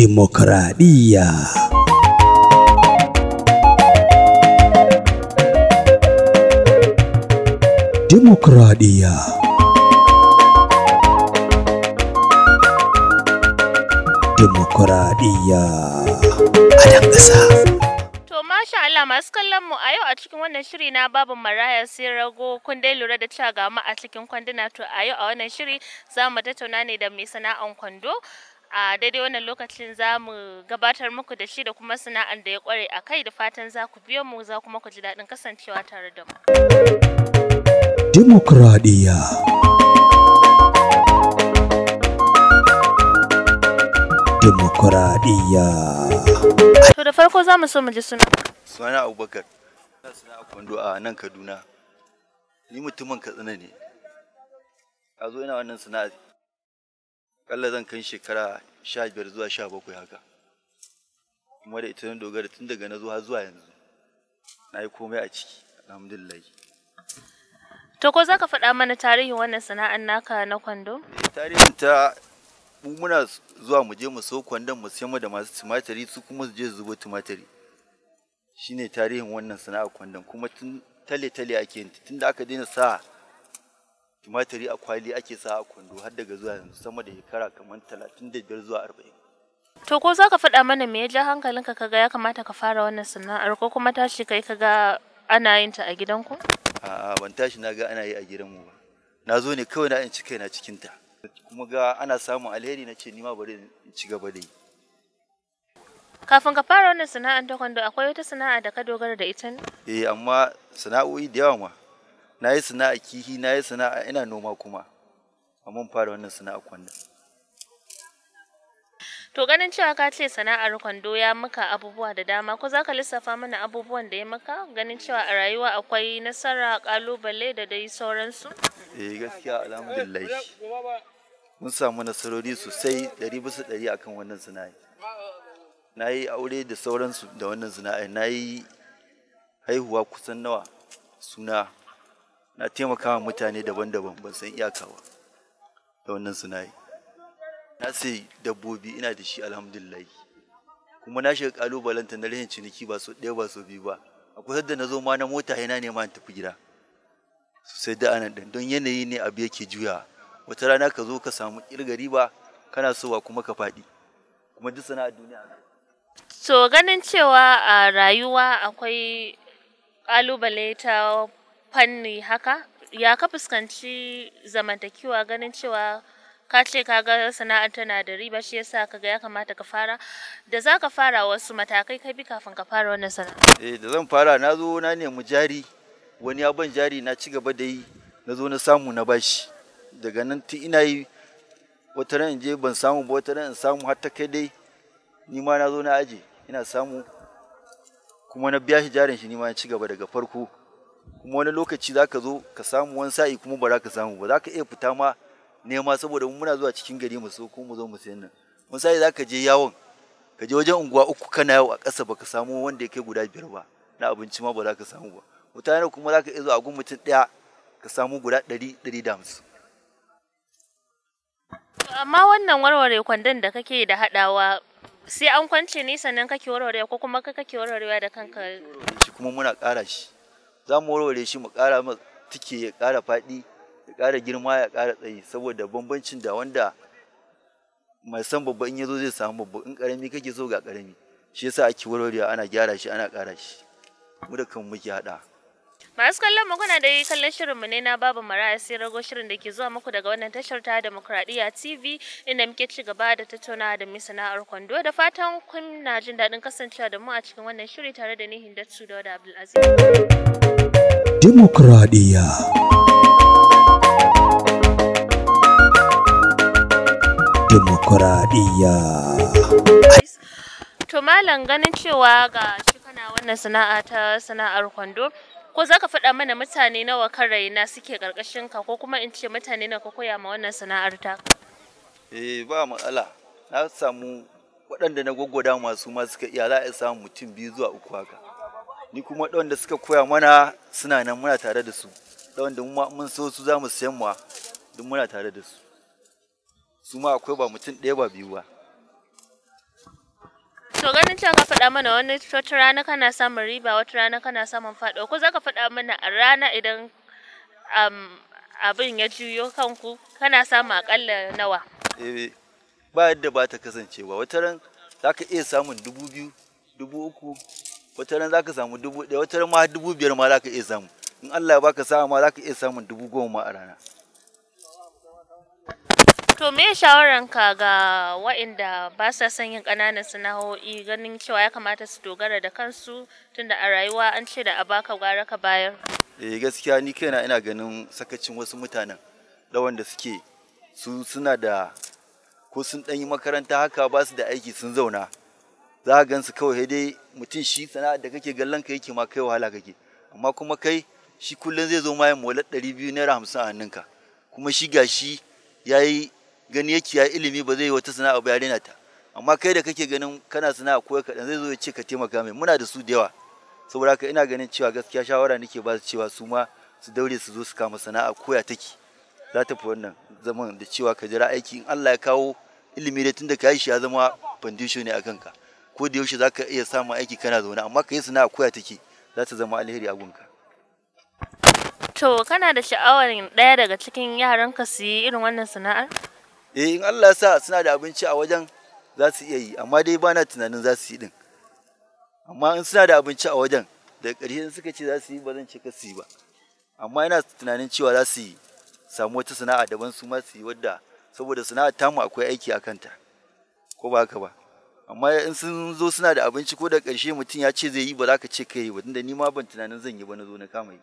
dimokuraɗiyya. Dimokuraɗiyya Dimokuraɗiyya a ɗan ƙasa. To Allah masu kallon mu a yau a cikin wannan shiri na babu maraya sai rago kun dai lura da cewa ga mu a cikin kwanduna to a yau a wannan shiri za mu tattauna ne da mai sana'an kwando a daidai wannan lokacin za mu gabatar muku da shi da kuma sana'ar da ya kware a kai da fatan za ku biyo mu za kuma ku ji daɗin kasancewa tare da mu. Demokradiya. Demokradiya. To da farko za mu so mu ji suna. Suna Abubakar. Suna Kwando a nan Kaduna. Ni mutumin Katsina ne. A zo ina wannan sana'a kalla zan kai shekara sha biyar zuwa sha bakwai haka kuma da ita dogara tun daga na zuwa zuwa yanzu na yi komai a ciki alhamdulillah to ko zaka faɗa mana tarihin wannan sana'ar naka na kwando eh, tarihin ta mu muna zuwa mu je mu so kwandon mu sayar da masu tumatiri su kuma su je su zubo tumatiri shine tarihin wannan sana'ar kwandon kuma tun tale tale ake yin tun da aka daina sa tumatiri a kwali ake sa a kwando har daga zuwa yanzu sama da shekara kamar talatin da biyar zuwa arba'in. To ko za ka faɗa mana me ya ja hankalinka kaga ya kamata ka fara wannan sana'ar ko kuma tashi kai kaga ana yin ta a gidanku? A'a ban tashi na ga ana yi a gidanmu ba. Na zo ne kawai na in ci kaina cikin ta. Kuma ga ana samun alheri na ce ni ma bari in ci gaba da yi. Kafin ka fara wannan sana'ar ta kwando akwai wata sana'a da ka dogara da ita ne? Eh amma sana'o'i da yawa ma. na yi sana'a kihi na yi sana'a ina noma kuma amma fara wannan sana'a kwandon to ganin cewa ka ce sana'ar kwando ya maka abubuwa da dama ko zaka lissafa mana abubuwan da ya maka ganin cewa a rayuwa akwai nasara kalubale da dai sauransu eh gaskiya alhamdulillah mun samu nasarori sosai ɗari bisa ɗari akan wannan sana'a na yi aure da sauransu da wannan sana'a na yi haihuwa kusan nawa suna na taimakawa mutane daban-daban ban san iyaka ba da wannan yi na sai dabbobi ina da shi alhamdulillah kuma na shiga kalubalanta na rashin ciniki ba so ɗaya ba so biyu ba a kusa da na zo ma na mota yana nema tafi gida sai da anan din don yanayi ne abu yake juya wata rana ka zo ka samu kirgari ba kana sowa kuma ka faɗi kuma duk sana'a duniya to ganin cewa a rayuwa akwai kalubale ta fanni haka ya ka fuskanci zamantakewa ganin cewa ka ce ka ga sana'ar tana da riba shi yasa ka ga ya kamata ka fara da za ka fara wasu matakai ka bi kafin ka fara wannan sana'a eh da zan fara na zo na nemi jari wani ya ban jari na ci gaba da yi na zo na samu na bashi daga nan tun ina yi wata ran je ban samu ba wata ran in samu har ta kai dai ni ma na zo na aje ina samu kuma na biya shi jarin shi ni ma ci gaba daga farko kuma wani lokaci za ka zo ka samu wani sa'i kuma ba za ka samu ba za ka iya fita ma nema saboda mu muna zuwa cikin gari mu so ko mu zo mu sayi nan wani sa'i za ka je yawon ka je wajen unguwa uku kana yawo a ƙasa ba ka samu wanda ya kai guda biyar ba na abinci ma ba za ka samu ba mutane kuma za ka iya zuwa a gun mutum ɗaya ka samu guda ɗari ɗari da hamsin. amma wannan warware kwandon da kake da haɗawa sai an kwance ne sannan kake warwarewa ko kuma kake warwarewa da kanka kuma muna ƙara shi za mu warware shi mu ƙara masa tike ya ƙara faɗi ya ƙara girma ya ƙara tsayi saboda bambancin da wanda mai san babba in yazo zai samu babba in ƙarami kake so ga ƙarami shi yasa ake warwarewa ana gyara shi ana ƙara shi mu da kan muke haɗa Masu kallon mu kuna da kallon shirinmu ne na babu maraya sai rago shirin da ke zuwa muku daga wannan tashar ta Demokradiyya TV inda muke ci gaba da tattauna da sana'ar kwando da fatan kun na jin daɗin kasancewa da mu a cikin wannan shiri tare da ni Hindatu da Wada Abdulaziz. Demokradiyya Demokradiyya To malam ganin cewa ga shi kana wannan sana'a ta sana'ar kwando ko zaka faɗa mana mutane nawa kan raina suke karkashin ka ko kuma in ce mutane nawa ka koya ma wannan sana'ar ta eh ba matsala na samu waɗanda na gwaggwada masu ma suka iya za a samu mutum biyu zuwa uku haka ni kuma waɗanda suka koya mana suna nan muna tare da su waɗanda mun so su za mu sayan ma duk muna tare da su su ma akwai ba mutum ɗaya ba biyu ba To ganin cewa ka faɗa mana wani wata rana kana samun riba wata rana kana samun faɗo ko zaka faɗa mana a rana idan abin ya juyo kanku kana samun aƙalla nawa? Ebe eh, ba yadda ba ta kasancewa wata ran zaka iya samun dubu biyu dubu uku wata ran zaka samu dubu ɗaya wata ran ma dubu biyar ma zaka iya samu in Allah ya baka sa'a ma zaka iya samun dubu goma ma a rana. To me shawararka ga waɗanda ba sa son yin ƙananan sana'o'i ganin cewa ya kamata su dogara da kansu tunda a rayuwa an ce da a baka gwara ka bayar? Eh gaskiya ni kaina ina ganin sakacin wasu mutanen da wanda suke su suna da ko sun ɗan yi makaranta haka ba su da aiki sun zauna za a gansu kawai dai mutum shi sana'a da kake gallon ka yake ma kai wahala kake amma kuma kai shi kullum zai zo ma yin molar ɗari biyu naira hamsin a hannunka kuma shi gashi ya yi gani yake ya ilimi ba zai yi wata sana'a ba ya ta amma kai da kake ganin kana sana'a ko kaɗan zai zo ya ce ka taimaka mai muna da su da yawa saboda haka ina ganin cewa gaskiya shawara nake ba su cewa su ma su daure su zo su kama sana'a koya take za ta fi wannan zaman da cewa ka jira aiki in Allah ya kawo ilimi da tunda ka yi shi ya zama foundation ne a kanka ko da yaushe zaka iya samun aiki kana zaune amma ka yi sana'a koya take za ta zama alheri a gunka to kana da sha'awar ɗaya daga cikin yaranka su yi irin wannan sana'ar eh in Allah sa suna da abinci a wajen za su iya yi amma dai ba na tunanin za su yi din amma in suna da abinci a wajen da ƙarshe suka ce za su yi ba zan ce ka su yi ba amma ina tunanin cewa za su yi samu wata sana'a daban su ma su yi wadda saboda sana'a ta mu akwai aiki a kanta ko ba haka ba amma in sun zo suna da abinci ko da ƙarshe mutum ya ce zai yi ba za ka ce ka yi ba tunda ni ma ban tunanin zan yi ba na zo na kama yi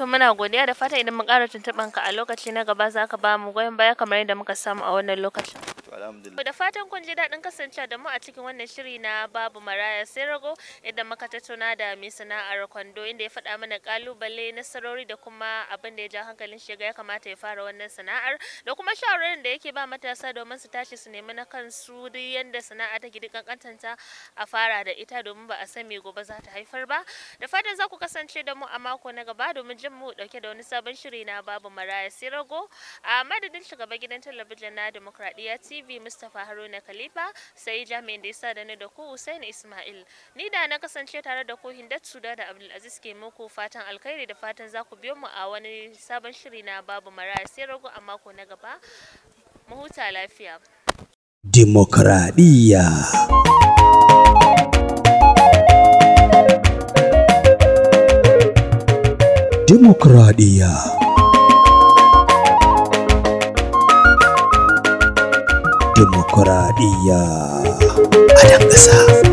To muna godiya da fata idan mun ƙara tuntuɓanka a lokaci na gaba za ka ba mu goyon baya kamar yadda muka samu a wannan lokacin. alhamdulillah da fatan kun ji daɗin kasancewa da mu a cikin wannan shiri na babu maraya sai rago idan muka tattauna da mai sana'ar kwando inda ya faɗa mana kalubale nasarori da kuma abin da ya ja hankalin shiga ya kamata ya fara wannan sana'ar da kuma shawarar da yake ba matasa domin su tashi su nemi na kansu duk yanda sana'a ta gidi kankantanta a fara da ita domin ba a san me gobe za ta haifar ba da fatan za ku kasance da mu a mako na gaba domin jin mu dauke da wani sabon shiri na babu maraya sai rago a madadin shugaban gidan talabijin na demokradiyya tv tv mustapha haruna khalifa sai jami'in da yasa da ni da ku usain ismail ni da na kasance tare da ku hindat suda da abdulaziz ke muku fatan alkhairi da fatan za ku biyo mu a wani sabon shiri na babu maraya sai rago a mako na gaba mu huta lafiya Demokradiya. Demokradiya. dimokuraɗiyya a dan ƙasa.